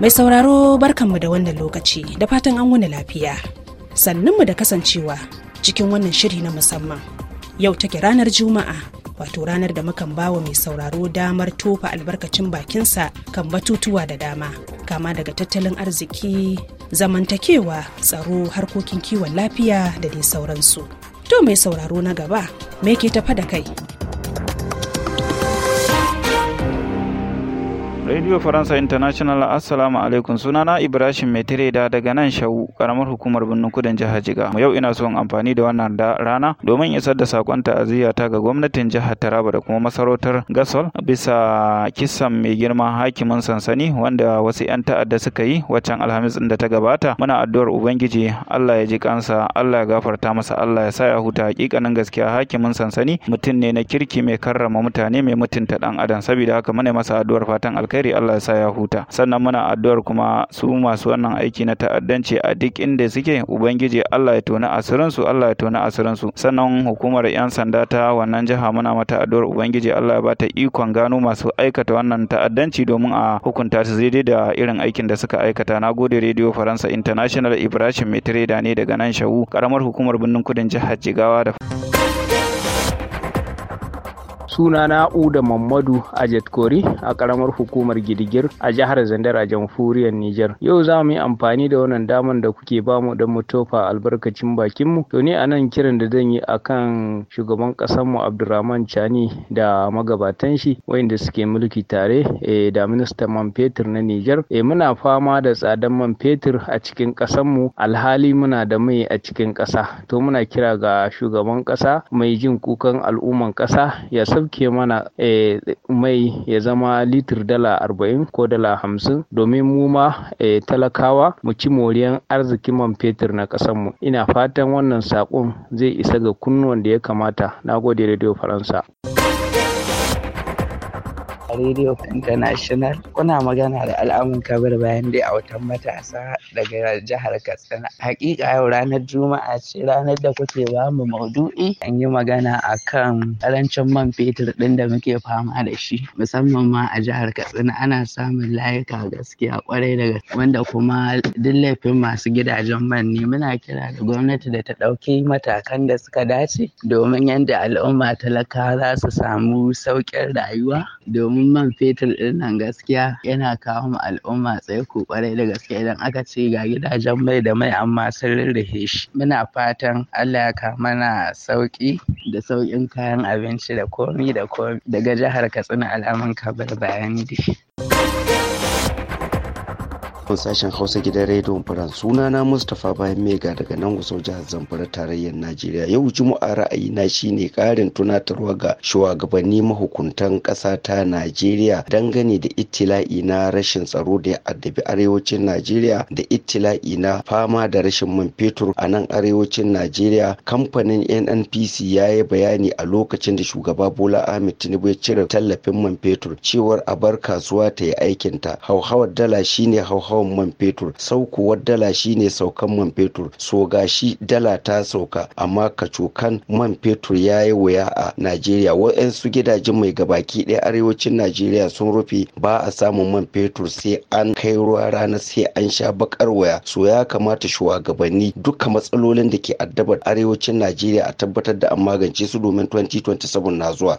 Mai sauraro barkanmu da wannan lokaci da fatan an wani lafiya. mu da kasancewa cikin wannan shiri na musamman. Yau take ranar Juma'a wato ranar da mukan bawa mai sauraro damar tofa albarkacin bakinsa kan batutuwa da dama kama daga tattalin arziki zamantakewa tsaro harkokin kiwon lafiya da dai sauransu to mai sauraro na gaba me ke tafa da kai Radio Faransa International Assalamu alaikum sunana Ibrahim Metreda daga nan shawu karamar hukumar birnin kudin jihar Jiga. Yau ina son amfani da wannan rana domin isar da sakon ta'aziyya ta ga gwamnatin jihar Taraba da kuma masarautar Gasol bisa kisan mai girma hakimin sansani wanda wasu 'yan ta'adda suka yi waccan Alhamis da ta gabata. Muna addu'ar Ubangiji Allah ya ji kansa, Allah ya gafarta masa, Allah ya sa ya huta hakikanin gaskiya hakimin sansani mutum ne na kirki mai karrama mutane mai mutunta dan adam saboda haka muna masa addu'ar fatan alkhairi. alkhairi Allah ya sa ya huta sannan muna addu'ar kuma su masu wannan aiki na ta'addanci a duk inda suke ubangiji Allah ya tona asirin su Allah ya tona asirin su sannan hukumar yan sanda ta wannan jiha muna mata addu'ar ubangiji Allah ya ba ta ikon gano masu aikata wannan ta'addanci domin a hukunta su daidai da irin aikin da suka aikata na gode radio faransa international ibrahim mai ne daga nan shawu karamar hukumar birnin kudin jihar jigawa da suna na uda mamadu a kori a karamar hukumar gidigir a jihar zandar a jamhuriyar niger yau za mu yi amfani da wannan daman da kuke ba mu don mu tofa albarkacin bakinmu to ni a nan kiran da zan yi akan shugaban mu abdurrahman chani da magabatan shi wayanda suke mulki tare eh, da minista man fetur na niger eh, muna fama da tsadan man fetur a cikin mu alhali muna da mai a cikin ƙasa to muna kira ga shugaban ƙasa mai jin kukan al'umman ƙasa ya sab ɗauke mana eh, mai ya zama litir dala arba'in ko dala hamsin domin mu ma eh, talakawa mu ci moriyan arzikin man fetur na ƙasar mu ina fatan wannan saƙon zai isa ga kunnuwan da ya kamata na gode radio faransa Radio International kuna magana da al'amun kabir bayan dai a watan matasa daga jihar Katsina. Hakika yau ranar Juma'a ce ranar da kuke ba mu maudu'i an yi magana a kan karancin man fetur ɗin da muke fama da shi musamman ma a jihar Katsina ana samun layuka gaskiya kwarai daga wanda kuma duk masu gidajen man ne muna kira da gwamnati da ta ɗauki matakan da suka dace domin yadda al'umma talaka za su samu sauƙin rayuwa domin karancin man fetur ɗin nan gaskiya yana kawo ma al'umma tsaye tsaiko kwarai da gaske idan aka ce ga gidajen mai da mai amma sun rarrahe shi muna fatan Allah ya kawo mana sauki da sauƙin kayan abinci da komi da komi daga jihar Katsina alamun kabar bayan dai. kun sashen hausa gidan rediyon faran suna na mustapha bayan mega daga nan gusau jihar zamfara tarayyar najeriya yau juma'a na shine karin tunatarwa ga shugabanni mahukuntan ƙasa ta najeriya dangane da itila'i na rashin tsaro da ya addabi arewacin najeriya da itila'i na fama da rashin man fetur a nan arewacin najeriya kamfanin nnpc ya yi bayani a lokacin da shugaba bola ahmed tinubu ya cire tallafin man fetur cewar a bar kasuwa ta yi aikinta hauhawar dala shine hauhawar hawan man fetur saukuwar dala shine saukan man fetur so shi dala ta sauka amma kacokan man fetur ya yi wuya a najeriya waɗansu gidajen mai gabaki ɗaya arewacin najeriya sun rufe ba a samun man fetur sai an kai ruwa rana sai an sha bakar waya so ya kamata shugabanni duka matsalolin da ke addabar arewacin najeriya a tabbatar da an magance su domin 2027 na zuwa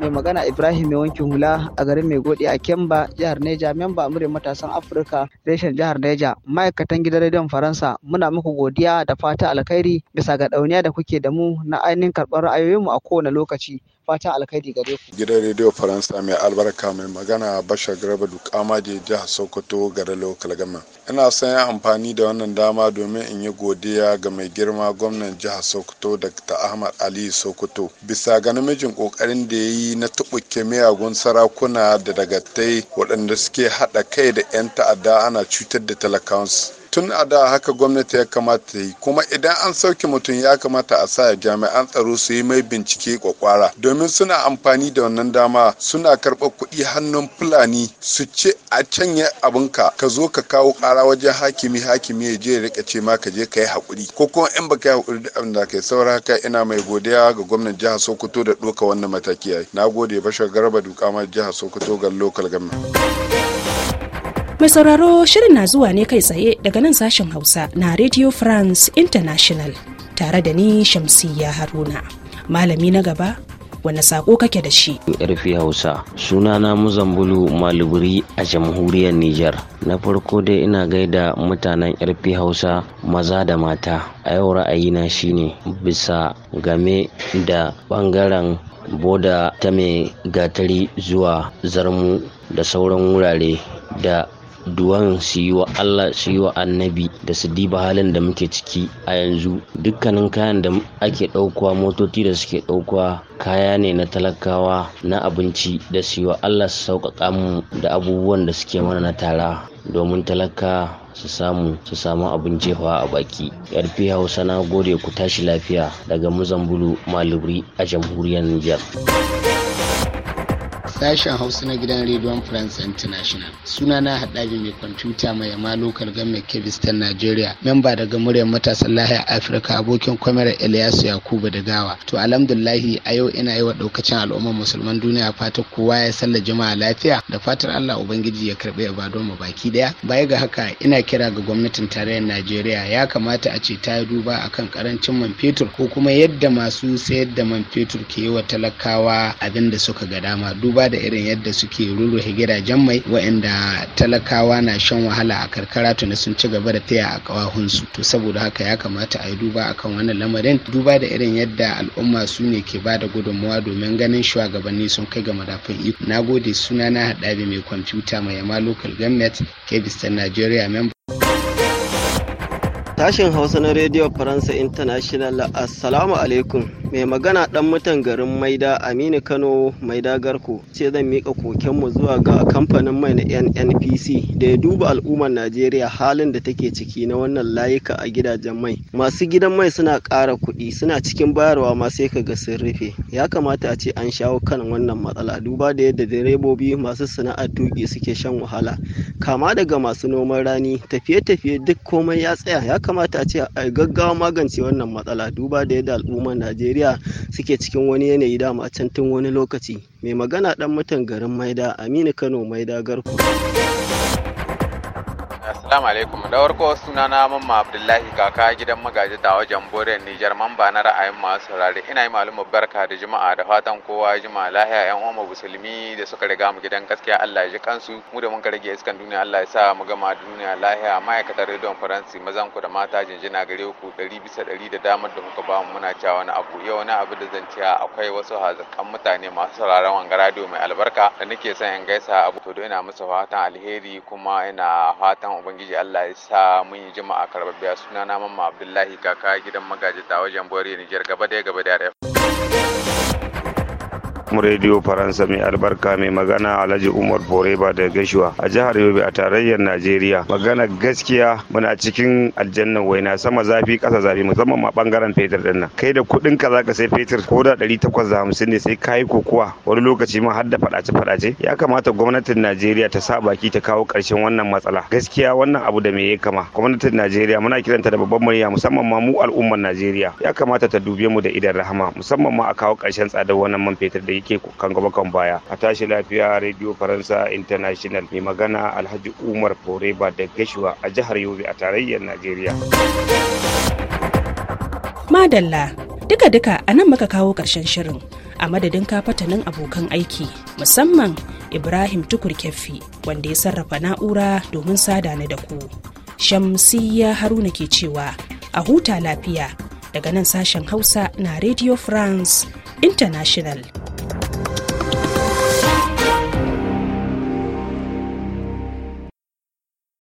mai magana ibrahim mai wankin hula a garin mai godi a kemba jihar neja memba amurin matasan afirka reshen jihar neja ma'aikatan gidan rediyon faransa muna muku godiya da fata alkhairi bisa ga ɗauniya da kuke da mu na ainihin karɓar ra'ayoyinmu a kowane lokaci fatan alkhairi gare ku. Gidan Rediyo Faransa mai albarka mai magana Bashar Garba Dukama da jihar Sokoto garin Lokal Gama. Ina son yin amfani da wannan dama domin in yi godiya ga mai girma gwamnan jihar Sokoto Dr. Ahmad Ali Sokoto bisa ga namijin kokarin da ya yi na tubuke miyagun sarakuna da dagatai waɗanda suke haɗa kai da 'yan ta'adda ana cutar da talakawansu tun a da haka gwamnati ya kamata yi kuma idan an sauke mutum ya kamata a sa jami'an tsaro su yi mai bincike kwakwara domin suna amfani da wannan dama suna karɓar kuɗi hannun fulani su ce a ya abinka ka zo ka kawo ƙara wajen hakimi hakimi ya je ya rika ce ma ka je ka yi haƙuri ko kuma in baka yi haƙuri da abin da kai saura haka ina mai godiya ga gwamnan jihar sokoto da ɗoka wannan mataki yayi na gode bashar garba duka ma jihar sokoto ga local government Mai sauraro shirin na zuwa ne kai tsaye daga nan sashen Hausa na Radio France International tare da ni Shamsiyya Haruna. Malami na gaba wanne sako kake da shi. Yarfi Hausa na Muzambulu Maluburi a jamhuriyar Nijar. Na farko dai ina gaida mutanen Yarfi Hausa maza da mata. A yau ra'ayina shine bisa game da bangaren boda ta mai gatari zuwa zarmu da sauran wurare da duwan su yi wa Allah su yi wa annabi da su diba halin da muke ciki a yanzu dukkanin kayan da ake ɗaukowa motoci da suke ɗaukowa kaya ne na talakawa na abinci da su yi wa Allah su sauƙaƙa mu da abubuwan da suke mana na tara domin talaka su samu su samu abin a baki yarfi hausa na gode ku tashi lafiya daga muzambulu maluri a jamhuriyar nijar. sashen hausa na gidan rediyon france international suna na haɗari mai kwamfuta mai yama lokal gamin kiristan nigeria memba daga muryar matasan lahiyar afirka abokin kwamar elias yakubu da gawa to alhamdulahi a yau ina yi wa ɗaukacin al'ummar musulman duniya fata kowa ya sallah jama'a lafiya da fatar allah ubangiji ya karɓi ibadun mu baki ɗaya baya ga haka ina kira ga gwamnatin tarayyar najeriya ya kamata a ce ta duba akan karancin man fetur ko kuma yadda masu sayar da man fetur ke yi wa talakawa abin da suka ga dama duba da irin yadda suke ruruhe gidajen mai waɗanda talakawa na shan wahala a karkara tuni sun ci gaba da taya a kawahunsu to saboda haka ya kamata a yi duba akan wannan lamarin duba da irin yadda al'umma su ne ke ba da gudunmawa domin ganin shugabanni sun kai ga madafin iko na gode suna na haɗabi mai kwamfuta mai yama local government kebistan nigeria member Tashin Hausa na Radio Faransa International Assalamu alaikum. Mai magana dan mutan garin Maida Aminu Kano Maida Garko ce zan mika kokenmu zuwa ga kamfanin mai na NNPC da ya duba al'ummar Najeriya halin da take ciki na wannan layuka a gidajen mai. Masu gidan mai suna ƙara kuɗi suna cikin bayarwa ma sai ga sun rufe. Ya kamata a ce an shawo kan wannan matsala duba da yadda direbobi masu sana'ar tuƙi suke shan wahala. Kama daga masu noman rani tafiye-tafiye duk komai ya tsaya ya kamata a ce a gaggawa magance wannan matsala duba da yadda al'ummar najeriya suke cikin wani yanayi dama can tun wani lokaci mai magana dan mutan garin maida aminu kano maida garko Assalamu alaikum da warko suna na mamma Abdullahi kaka gidan magaji ta wajen Boren Nijar mamba na ra'ayin masu saurare ina yi malumu barka da juma'a da fatan kowa juma'a lahiya yan uwan musulmi da suka riga mu gidan gaskiya Allah ya ji kansu mu da mun ka rage iskan duniya Allah ya sa mu gama duniya lahiya ma'aikatar rediyon Faransi mazan ku da mata jinjina gare ku ɗari bisa ɗari da damar da muka ba mu muna cewa wani abu yau na abu da zanciya akwai wasu hazakan mutane masu sauraron wanga radio mai albarka da nake son in gaisa abu to ina musu fatan alheri kuma ina fatan ubangiji ubangiji Allah ya sa mun yi jima'a karbabbiya suna na mamma Abdullahi kaka gidan magaji ta wajen Bore Niger gaba da gaba da mu rediyo faransa mai albarka mai magana alhaji umar foreba da gashuwa a jihar yobe a tarayyar najeriya magana gaskiya muna cikin aljannan waina sama zafi kasa zafi musamman ma bangaren fetur din nan kai da kuɗin ka zaka sai fetur ko da ɗari takwas da hamsin ne sai kayi kokuwa wani lokaci ma har da faɗace faɗace ya kamata gwamnatin najeriya ta sa baki ta kawo ƙarshen wannan matsala gaskiya wannan abu da me ya kama gwamnatin najeriya muna kiranta da babban murya musamman ma mu al'ummar najeriya ya kamata ta dube mu da idan rahama musamman ma a kawo karshen tsadar wannan man fetur da yake kan gaba kan baya a tashi lafiya radio faransa international mai magana alhaji umar foreba da gashuwa a jihar yobe a tarayyar najeriya madalla duka-duka a nan muka kawo ƙarshen shirin a madadin kafatanin abokan aiki musamman ibrahim tukur keffi wanda ya sarrafa na'ura domin sada ni da ku shamsiyya haruna ke cewa a huta lafiya daga nan sashen hausa na radio france international